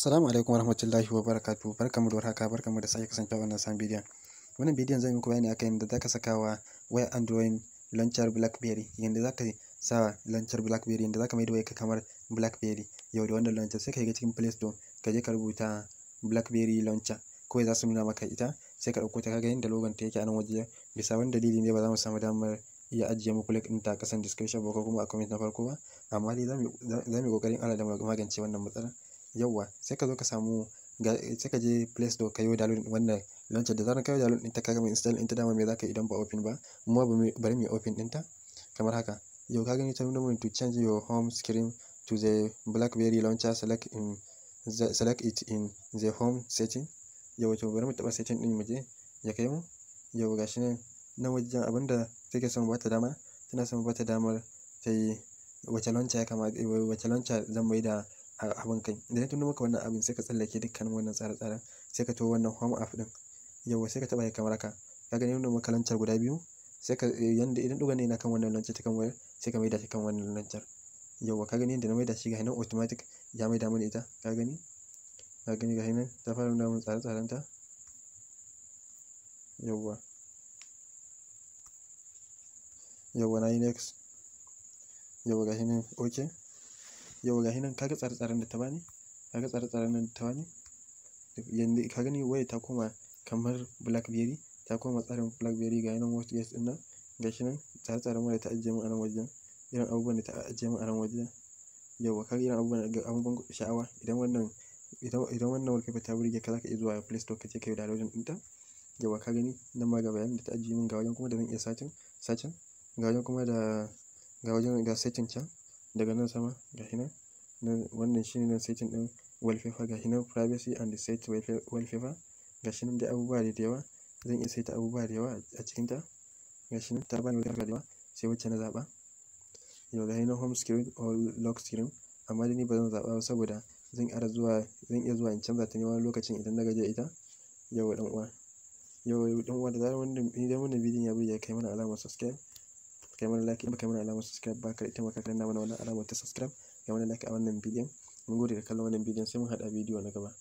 Assalamu alaikum warahmatullahi wabarakatuh barkamu da warhaka barkamu da sake kasancewa wannan sabon bidiyon wannan bidiyon zan yi muku bayani akan yadda zaka saka wa waya Android launcher BlackBerry yadda zaka sa launcher BlackBerry yadda zaka maida wayarka kamar BlackBerry yau da wannan launcher sai ka shiga cikin Play Store ka je ka rubuta BlackBerry launcher kawai za su nuna maka ita sai ka dauko ta kaga yadda logon ta yake a nan waje bisa wani dalili ne ba za mu samu damar iya ajiye muku link ɗinta a ƙasan description ba ko kuma a comment na farko ba amma dai za mu yi ƙoƙarin ana da magance wannan matsalar yauwa sai ka zo ka samu sai ka je play store ka yi download wannan launcher da zaran ka yi download ɗinta ka gama install ɗinta dama me za ka yi idan ba open ba kuma bari mu open ɗinta kamar haka yau ka gani ta nuna mun to change your home screen to the blackberry launcher select in the, select it in the home setting yau to bari mu taɓa setting ɗin mu je ya kai mu yau gashi nan nan wajen abinda take son bata dama tana son bata damar ta yi wace launcher ya kamata wace launcher zan mai da abin kai idan na tuno maka wannan abin sai ka tsallake dukkanin wannan tsare tsare sai ka taho wannan home app din yawa sai ka taba ya kamar haka ka gani nuna maka lancar guda biyu sai ka eh, yanda idan duga ne na kan wannan lancar ta kan wayar sai ka maida shi kan wannan lancar yawa ka gani yadda na maida shi ga nan automatic ya maida mana ita ka gani ka gani ga nan ta fara nuna mun tsare-tsaren ta yawa yawa na yi next yawa ga nan okay yau ga nan kaga tsare-tsaren da ta bani kaga tsare-tsaren nan ta bani yanzu ka gani wayar ta koma kamar blackberry ta koma tsarin blackberry ga nan watch gas ɗin nan ga shi nan tsare-tsaren wayar ta ajiye min a nan wajen irin abubuwan da ta ajiye min a nan wajen yauwa kaga irin abubuwan ga abubuwan sha'awa idan wannan idan idan wannan wallpaper ta burge ka zaka iya zuwa play store kace kai downloading ɗinta yauwa ka gani nan ma ga bayanin da ta ajiye min ga wajen kuma da zan iya sacin sacin ga wajen kuma da ga wajen ga setting can daga nan sama ga shi nan wannan shine nan saitin ɗin wallpaper ga shi nan privacy and set wallpaper ga shi nan dai abubuwa da yawa zan iya saita abubuwa da yawa a cikinta ga shi nan ta bani abubuwa da yawa sai wacce na zaɓa yau ga nan home screen or lock screen amma dai ni ba zan zaɓa ba saboda zan ƙara zuwa zan iya zuwa in canza ta ne wani lokacin idan na gaji ita yau ɗan uwa yau ɗan uwa da zarar wannan idan wannan bidiyon ya burge kai mana alamar subscribe kai mana like in baka mana alamar subscribe ba ka ita ma ka danna mana wannan alamar ta subscribe kai mana like a wannan bidiyon mun gode da kallon wannan bidiyon sai mun haɗa bidiyo na gaba